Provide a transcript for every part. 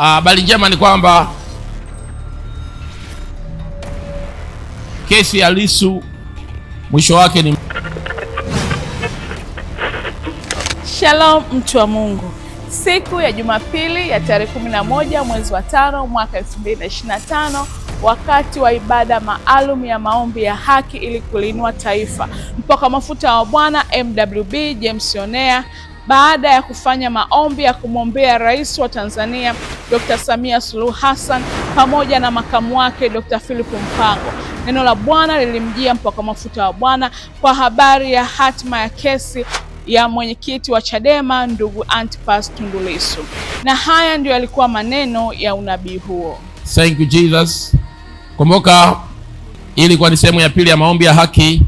Ah, habari njema ni kwamba kesi ya Lissu mwisho wake ni Shalom, mtu wa Mungu. Siku ya Jumapili ya tarehe 11 mwezi wa tano mwaka 2025 wakati wa ibada maalum ya maombi ya haki ili kuliinua taifa, mpaka mafuta wa Bwana MWB James Onea baada ya kufanya maombi ya kumwombea Rais wa Tanzania Dr. Samia Suluhu Hassan pamoja na makamu wake Dr. Philip Mpango. Neno la Bwana lilimjia mpaka mafuta wa Bwana kwa habari ya hatima ya kesi ya mwenyekiti wa Chadema ndugu Antipas Tundu Lissu. Na haya ndio yalikuwa maneno ya unabii huo. Thank you Jesus. Kumbuka ili kwa ni sehemu ya pili ya maombi ya haki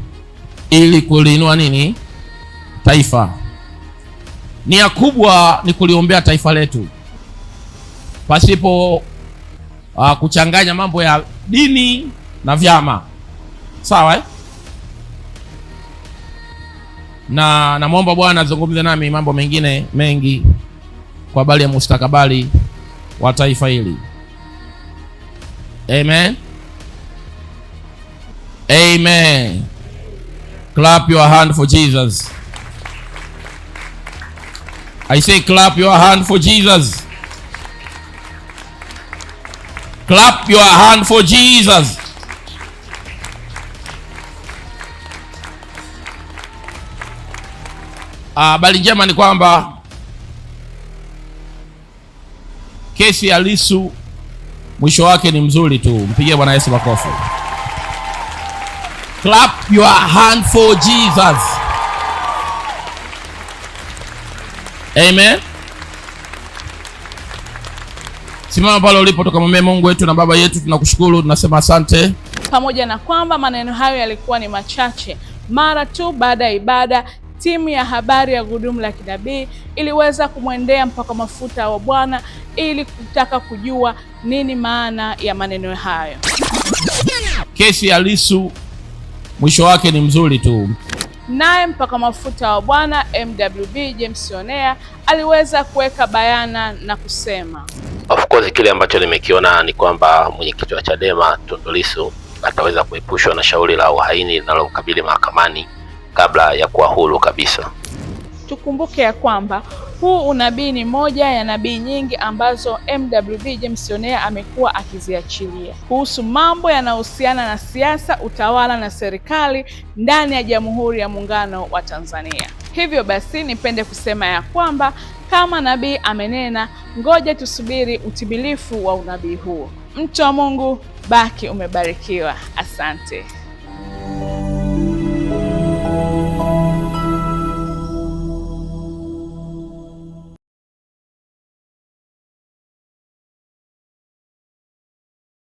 ili kuliinua nini taifa Nia kubwa ni kuliombea taifa letu pasipo uh, kuchanganya mambo ya dini na vyama, sawa eh? na namwomba Bwana azungumze nami mambo mengine mengi kwa habari ya mustakabali wa taifa hili. Amen. Amen. Clap your hand for Jesus. I say clap your hand for Jesus. Clap your hand for Jesus. Ah, habari ah, njema ni kwamba kesi ya Lissu mwisho wake ni mzuri tu. Mpigie Bwana Yesu makofi. Clap your hand for Jesus. Amen. Simama pale ulipo tukamwambia Mungu wetu na Baba yetu, tunakushukuru, tunasema asante. Pamoja na kwamba maneno hayo yalikuwa ni machache, mara tu baada ya ibada timu ya habari ya gudumu la Kinabii iliweza kumwendea mpaka mafuta wa Bwana ili kutaka kujua nini maana ya maneno hayo. Kesi ya lisu mwisho wake ni mzuri tu. Naye mpaka mafuta wa Bwana MWB James Onea aliweza kuweka bayana na kusema, of course kile ambacho nimekiona ni kwamba mwenyekiti wa Chadema Tundu Lissu ataweza kuepushwa na shauri la uhaini linalomkabili mahakamani kabla ya kuwa huru kabisa. Tukumbuke ya kwamba huu unabii ni moja ya nabii nyingi ambazo MWV James Onaire amekuwa akiziachilia kuhusu mambo yanayohusiana na siasa, utawala na serikali ndani ya Jamhuri ya Muungano wa Tanzania. Hivyo basi, nipende kusema ya kwamba kama nabii amenena, ngoja tusubiri utimilifu wa unabii huo. Mtu wa Mungu, baki umebarikiwa. Asante.